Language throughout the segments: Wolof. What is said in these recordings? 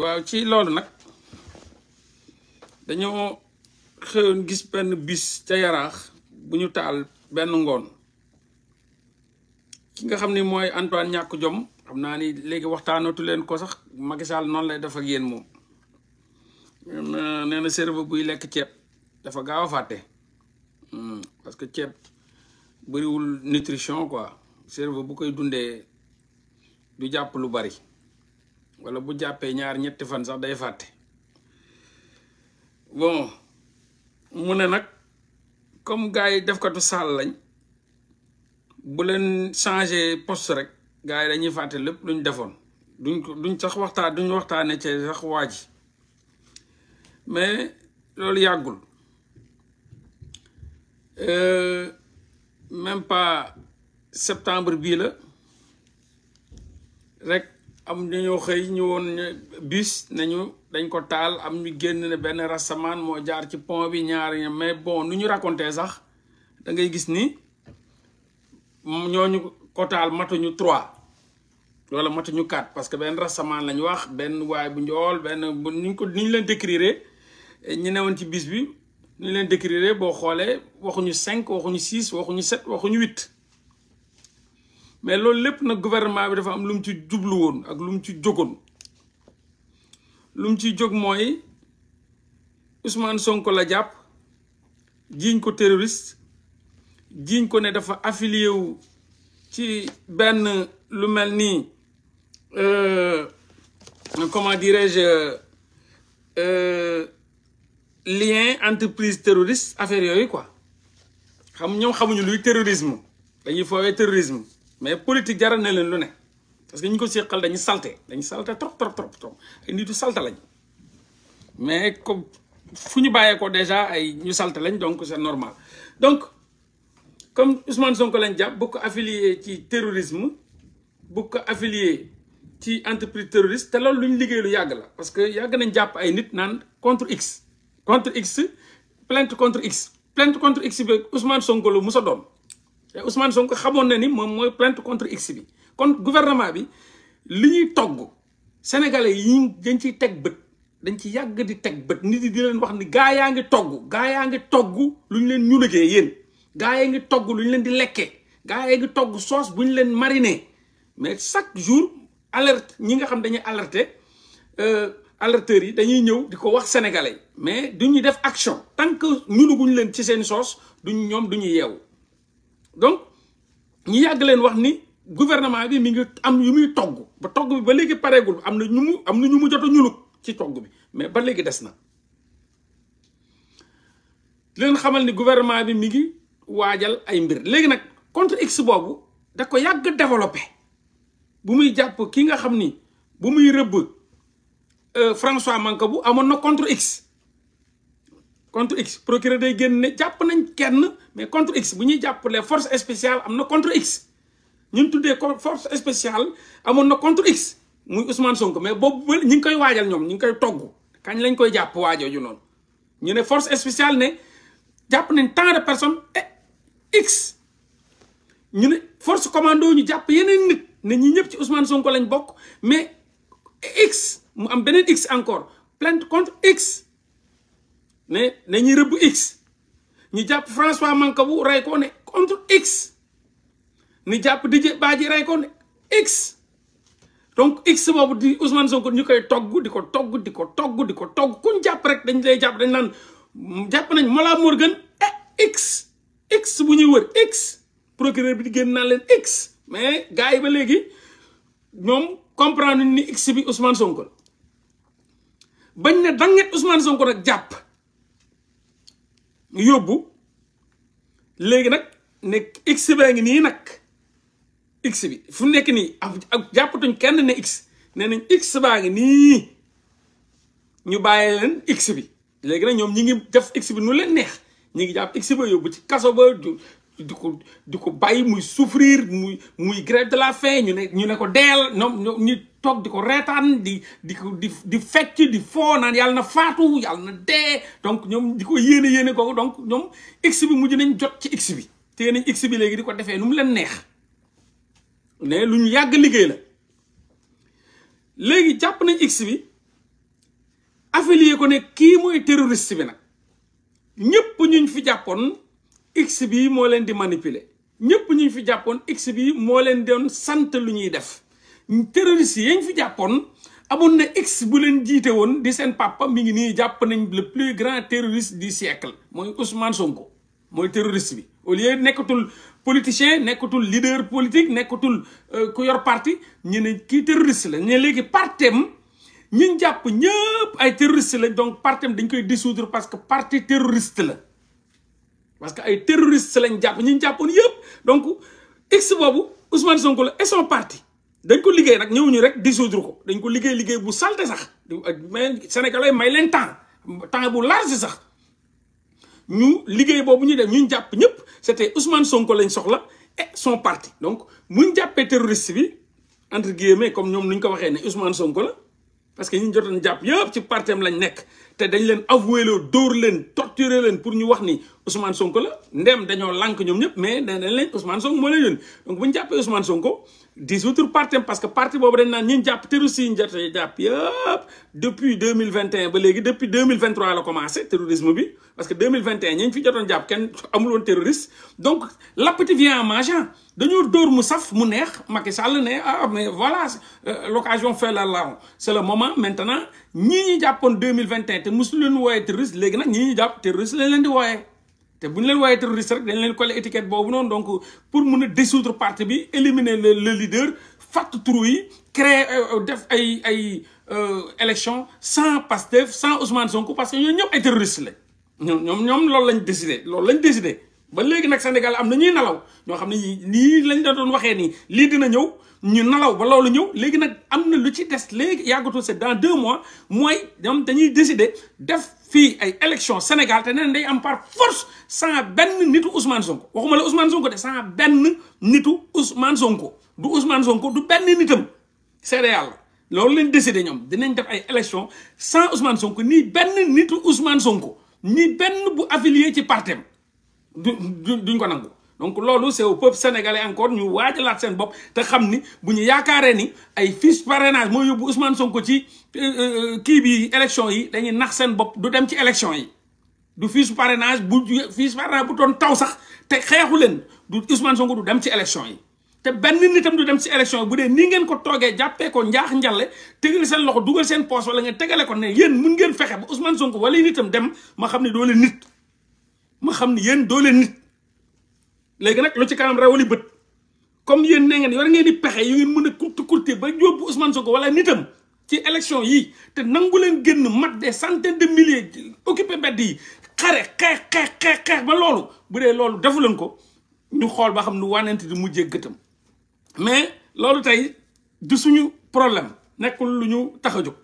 waaw ci loolu nag dañoo xëyoon gis benn bis ca yaraax bu ñu taal benn ngoon ki nga xam ni mooy Antoine ñàkk jom xam naa ni léegi waxtaanatu leen ko sax Macky Sall noonu lay dafa ak yéen moom nee na cerveau buy lekk ceeb dafa gaaw a fàtte hmm, parce que ceeb bëriwul nutrition quoi cerveau bu koy dundee du jàpp lu bari wala bu jàppee ñaar ñetti fan sax day fàtte bon mu ne nag comme gars yi def katu saal lañ bu leen changé post rek gars yi dañuy fàtte lépp luñ defoon duñ ko duñ sax waxtaan duñ waxtaane ci sax waa ji mais loolu yàggul euh, même pas septembre bii la rek am dañoo xëy ñu woon bis nañu dañ ko taal am ñu génn ne benn rasamaan moo jaar ci pont bi ñaari mais bon nu ñu raconté sax da ngay gis ni ñooñu ko taal matuñu trois wala matuñu quatre parce que benn rasamaan lañu wax benn waay bu njool benn bu ñu ko ni ñu leen décrire ñu newoon ci bis bi ñu leen décrire boo xoolee waxuñu cinq waxuñu six waxuñu sept waxuñu huit mais loolu lépp nag gouvernement bi dafa am lu mu ci jublu woon ak lu mu ci jógoon lu mu ciy jóg mooy Ousmane Sonko la jàpp jiiñ ko terroriste jiiñ ko ne dafa affilié wu ci benn lu mel ni euh, comment dirais-je euh, lien entreprise terroriste affaire yooyu quoi xam ñoom xamuñu luy terrorisme dañuy foowee terrorisme mais politique jaral na leen lu ne parce que ñu ko séqal dañu salté dañu salte trop trop trop trop ay nit yu lañ mais comme fu ñu bàyyeekoo ko déjà ay ñu salté lañ donc c'est normal donc comme Ousmane Sonko lañ jàpp bu ko ci terrorisme bu ko affilié ci entreprise terroriste te loolu lu ñu liggéey lu yàgg la parce que yàgg nañ jàpp ay nit naan contre x contre x plainte contre x plainte contre x bi Ousmane Sonko la mu sa te Ousmane Sonko xamoon na ni moom mooy plainte contre X bi kon gouvernement bi li ñuy togg sénégalais yi ñu dañ ci teg bët dañ ci yàgg di teg bët nit yi di leen wax ni gaa yaa ngi togg gaa yaa ngi togg lu ñu leen ñu liggéey yéen gaa yaa ngi togg lu ñu leen di lekkee gaa yaa ngi togg soos bu ñu leen mariné mais chaque jour alerte ñi nga xam dañuy alerter euh, alerteurs yi dañuy ñëw di ko wax sénégalais mais du duñu def action tant que ñuluguñ leen ci seen soos duñ ñoom duñu yeewu donc ñu yàgg leen wax ni gouvernement bi mi ngi am yu muy togg ba togg bi ba léegi pareegul am na ñu mu am na ñu mu jot a ñulug ci togg bi mais ba léegi des na leen xamal ni gouvernement bi mi ngi waajal ay mbir léegi nag contre x boobu da ko yàgg développé bu muy jàpp ki nga xam ni bu muy rëbb euh, François bu amoon na contre x contre X procureur day génn ne jàpp nañ kenn mais contre X bu ñuy jàpp les forces spéciales am na contre X ñun tuddee force spéciale amoon na contre X muy Ousmane mais boobu ñu ngi koy waajal ñoom ñu ngi koy togg kañ lañ koy jàpp waajooju noonu ñu ne force spéciale ne jàpp nañ tant de personnes et X ñu ne force commando ñu jàpp yeneen nit ne ñi ñëpp ci Ousmane Sonko lañ bokk mais X mu am beneen X encore plainte contre X ne nañuy rëbb x ñu jàpp François Mancabou rey ko ne contre x ñu jàpp di Didier Badji rey ko ne x donc x boobu di Ousmane Sonko ñu koy togg di ko togg di ko togg di ko togg kuñ jàpp rek dañ lay jàpp dañ naan jàpp nañ Mollah Morgun eh x x bu ñuy wër x procureur bi di génn naan leen x mais gars yi ba léegi ñoom comprendre ni x bi Ousmane Sonko bañ ne danget Ousmane Sonko rek jàpp yóbbu léegi nag ne x baa ngi nii nag x bi fu nekk nii ak jàppatuñ kenn ne x nee nañ x baa ngi nii ñu bàyyee leen x bi léegi nag ñoom ñi ngi def x bi nu leen neex ñi ngi jàpp x yóbbu ci kaso ba di ko di ko bàyyi muy souffrir muy muy grève la faim ñu ne ñu ne ko deel ñoom ñoom toog di ko reetaan di di di di fecc di foo naan na faatu yàlla na dee donc ñoom di ko yéene yéene kooku donc ñoom x bi mujj nañ jot ci x bi téye nañ x bi léegi di ko defee nu mu leen neex ne lu ñu yàgg liggéey la léegi jàpp nañ x bi affilié ko ne kii mooy terroriste bi nag ñëpp ñuñ fi jàppoon x bi moo leen di manipuler ñëpp ñuñ fi jàppoon x bi moo leen doon sant lu ñuy def terroriste yañ fi jàppoon amoon na ex bu leen jiite woon di seen papa mu ngi nii jàpp nañ le plus grand terroriste du siècle mooy Ousmane Sonko mooy terroriste bi au lieu nekkatul politicien nekkatul leader politique nekkatul euh, ku yor parti ñu ne kii terroriste la ñu léegi partem ñun jàpp ñëpp ay terroriste la donc partem dañ koy dissoudre parce que parti terroriste la parce que ay terroriste lañ jàpp ñun jàppoon yëpp donc ex boobu Ousmane Sonko la et parti dañ ko liggéey nag ñëwuñu ñu rek dissoudre ko dañ ko liggéey liggéey bu salte sax mais sénégalais may leen temps temps bu large sax ñu liggéey boobu ñu def ñu jàpp ñëpp c'était Ousmane Sonko lañ soxla et son parti donc muñ jàppee terroriste bi entre guillemets comme ñoom ñu ko waxee ne Ousmane Sonko la parce que ñu jotoon jàpp yëpp ci parti am lañ nekk te dañ leen avoué loo dóor leen torturer leen pour ñu wax ni Ousmane Sonko la ndem dañoo lànk ñoom ñëpp mais dañ leen Ousmane Sonko moo leen yónni donc bu ñu jàppee Ousmane Sonko parti parti boobu dañ naan ñun mille vingt ba léegi depuis deux mille vingt trois la commencé terrorisme bi parce que deux mille vingt et un ñi fi jotoon jàpp mu saf mu neex Macky Sall ne ah mais voilà euh, l'occasion fait la larron c'est le moment maintenant ñii deux mille vingt un te mosul leen wooyee terroriste léegi nag ñii ñu jàpp terroriste lañ leen di wooyee. te bu ñu leen woowee terroriste rek dañ leen collé étiquette boobu noonu donc pour mun a dissoudre parti bi éliminer le le leader fàtt trou yi créer euh, def ay ay euh, élection sans Pastef sans Ousmane Sonko parce que ñoom ñëpp ay terroriste la ñoom ñoom ñoom loolu lañ décidé loolu lañ décidé ba léegi nag Sénégal am na ñuy nelaw ñoo xam ne nii lañ da doon waxee nii lii dina ñëw. ñu nalaw ba loolu ñëw léegi nag am na lu ci des léegi yàggatul c'est dans deux mois mooy ñoom dañuy décider def fii ay élection Sénégal te neen day am par force sans benn nitu Ousmane Sonko waxuma la Ousmane Sonko de sans benn nitu Ousmane Sonko du Ousmane Sonko du benn nitam seede yàlla loolu leen décider ñoom dinañ def ay élection sans Ousmane Sonko nii benn nitu Ousmane Sonko nii benn bu affilié ci partem duñ ko nangu donc loolu c'est au peuple encore ñu laat seen bopp te xam ni bu ñu yaakaaree ni ay fiche parrainage moo yóbbu Ousmane ko ci euh, euh, kii bi élection yi dañuy nax seen bopp du dem ci élection yi du fiche parrainage bu fiche parrainage bu doon taw sax te xeexu leen du Ousmane Sonko du dem ci élection yi te benn nitam du dem ci élection yi bu dee nii ngeen ko toogee jàppee ko njaax njàlle tegal seen loxo dugal seen poos wala ngeen tegale ko ne yéen mun ngeen fexe ba Ousmane Sonko wala nitam dem ma xam ne doole nit ma xam ne yéen doole nit léegi nag lu ci kanam rawali bët comme yéen ne ngeen yor ngeen di pexe yu ngeen mën a kurti kurti ba yóbbu Ousmane Sonko wala nitam ci élection yi te nangu leen génn mat des centaines de milliers occupé mbedd yi xare xeex xeex xeex ba loolu bu dee loolu defu leen ko ñu xool ba xam nu wànnante di mujjee gëtam mais loolu tey di suñu problème nekkul lu ñu tax a jóg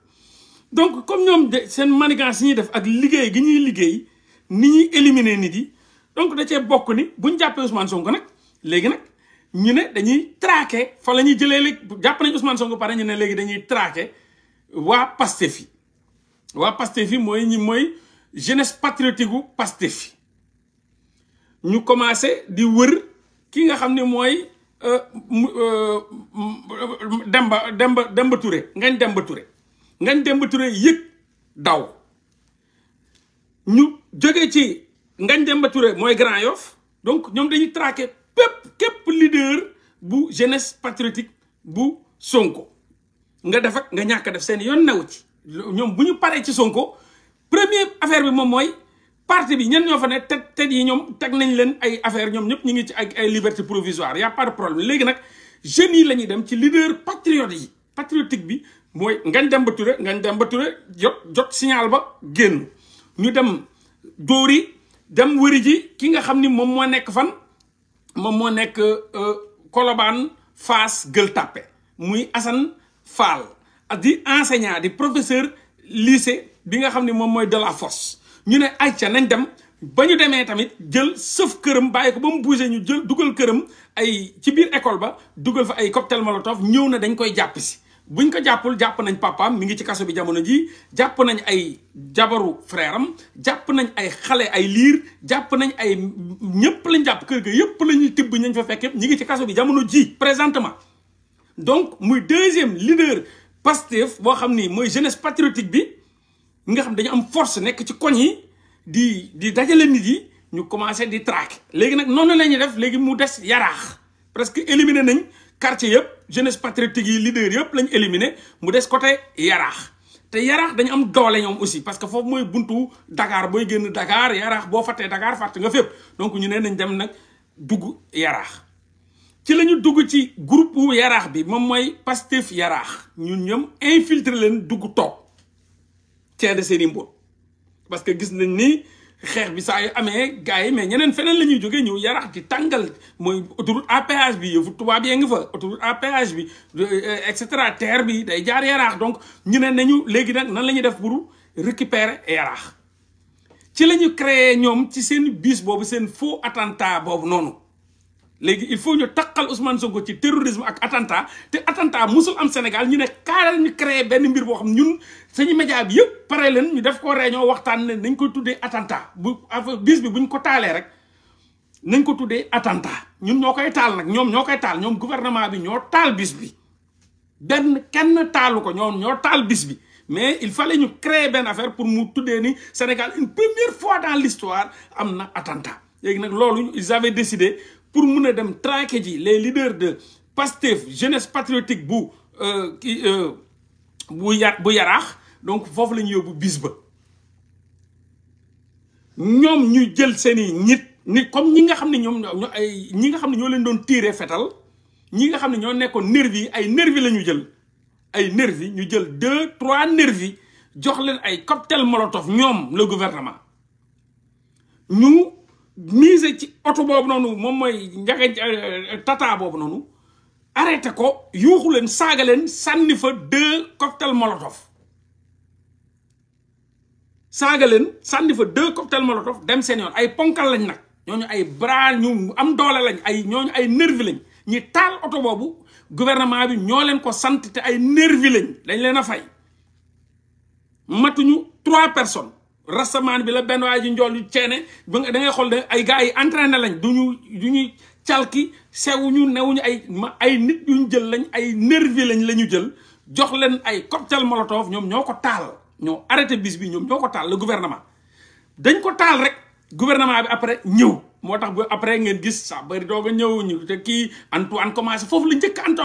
donc comme ñoom de seen manigance yi ñuy def ak liggéey gi ñuy liggéey ni ñuy éliminer nit yi donc da cee bokk ni bu ñu jàppee Ousmane Sonko nag léegi nag ñu ne dañuy traqué fa la ñuy jëlee léegi jàpp nañ Ousmane Sonko pare ñu ne léegi dañuy traqué waa Pastef yi waa Pastef yi mooy ñi mooy jeunesse patriotique gu Pastef yi ñu commencé di wër ki nga xam ne mooy euh, euh, Demba Demba Demba Touré Ngagne Demba Touré Ngagne Demba Touré yëg daw ñu jóge ci Ngagne Demba Touré mooy Grand Yoff donc ñoom dañuy traqué pépp képp leader bu jeunesse patriotique bu Sonko nga def nga ñàkk a def seen yoon newu ci ñoom bu ñu paree ci Sonko première affaire bi moom mooy parti bi ñen ñoo fa ne teg teg yi ñoom teg nañ leen ay affaire ñoom ñëpp ñu ngi ci ay ay liberté provisoire y a problème léegi nag jeunes yi la ñuy dem ci leader patriote yi patriotique bi mooy ngañ Demba Touré ngañ Demba Touré jot jot signal ba génn ñu dem dóori dem wëri ji ki nga xam ni moom moo nekk fan moom moo nekk euh, Colobane Fass gël Tapée muy Assane Fall di enseignant di professeur lycée bi nga xam ni moom mooy Delafosse ñu ne ayca nañ dem ba ñu demee tamit jël sëf këram bàyyi ko ba mu bougé ñu jël dugal këram ay ci biir école ba dugal fa ay cocktail molotov ñëw na dañ koy jàpp si buñ ko jàppul jàpp nañ papaam mu ngi ci kaso bi jamono ji jàpp nañ ay jabaru frère jàpp nañ ay xale ay liir jàpp nañ ay ñëpp lañ jàpp kër ga yëpp la ñuy tibb ñañ fa fekk ñu ngi ci kaso bi jamono ji présentement donc muy deuxième leader Pastef boo xam ni mooy jeunesse patriotique bi nga xam dañu am force nekk ci koñ yi di di dajale nit yi ñu commencé di traquer léegi nag noonu la ñuy def léegi mu des yaraax presque éliminer nañ quartier yëpp jeunesse patriotique yi leader yëpp lañ éliminé mu des côté yaraax te yaraax dañu am doole ñoom aussi parce que foofu mooy buntu dakaar booy génn Dakar yaraax boo fàttee Dakar fàtte nga fépp donc ñu ne dem nag dugg yaraax ci la ñu dugg ci groupe yaraax bi moom mooy Pastef yaraax ñun ñoom infiltré leen dugg toog ceede seen i mbóot que gis nañ ni xeex bi saa yu amee gars yi mais ñeneen feneen la ñuy jógee ñëw yarax di tàngal mooy autoroute à péage bi yëfu tubaab yee ngi fa autoroute à péage bi euh, et cetera terre bi day jaar yaraax donc ñu ne nañu léegi nag nan la ñuy def pour récupérer yaraax ci la ñu créé ñoom ci seen bis boobu seen faux attentat boobu noonu léegi il faut ñu taqal Ousmane Sonko ci terrorisme ak attentat te attentat musul am Sénégal ñu ne kaaral ñu créé benn mbir boo xam ñun sañu média yëpp pare leen ñu def ko réunion waxtaan ne nañ ko tuddee attentat bu bis bi buñ ko taalee rek nañ ko tuddee attentat ñun ñoo koy taal nag ñoom ñoo koy taal ñoom gouvernement bi ñoo taal bis bi benn kenn taalu ko ñoom ñoo taal bis bi mais il fallait ñu créer benn affaire pour mu tuddee ni Sénégal une première fois dans l'histoire am na attentat léegi nag loolu ils décidé pour mun a dem traquer ji les leaders de Pastef jeunesse patriotique bu euh, kii euh, bu ya bu yaraax donc foofu la ñu yóbbu bis ba ñoom ñu jël seeni nit nit comme ñi nga xam ne ñoom ay ñi nga xam ne ñoo leen doon tiire fetal ñi nga xam ne ñoo nekkoon nervi ay nervi la ñu jël ay nervi ñu jël deux trois nervi jox leen ay cocktail molotov ñoom le gouvernement ñu mise ci oto boobu noonu moom mooy njaga euh, tata boobu noonu arrêté ko yuuxu leen saaga leen sànni fa deux cocktail molotov saaga leen sànni fa deux cocktail dem seen yoon ay ponkal lañ nag ñooñu ay bras ñu am doole lañ ay ñooñu ay nervi lañ ñi taal oto boobu gouvernement bi ñoo leen ko sant te ay nervi lañ dañ leen a fay matuñu trois personnes rastamaan bi la benn waay ji njool yu ceene ba da ngay xool de ay gars yi entraîné lañ ñu du ñuy calki sewuñu newuñu ay ma ay nit yuñ jël lañ ay nervi lañ lañu jël jox leen ay cocktail molotov ñoom ñoo ko taal ñoo arrêté bis bi ñoom ñoo ko taal le gouvernement dañ ko taal rek gouvernement bi après ñëw moo tax bu après ngeen gis sa bëri doog ñëw ñu te kii Antoine commencé foofu la njëkk Antoine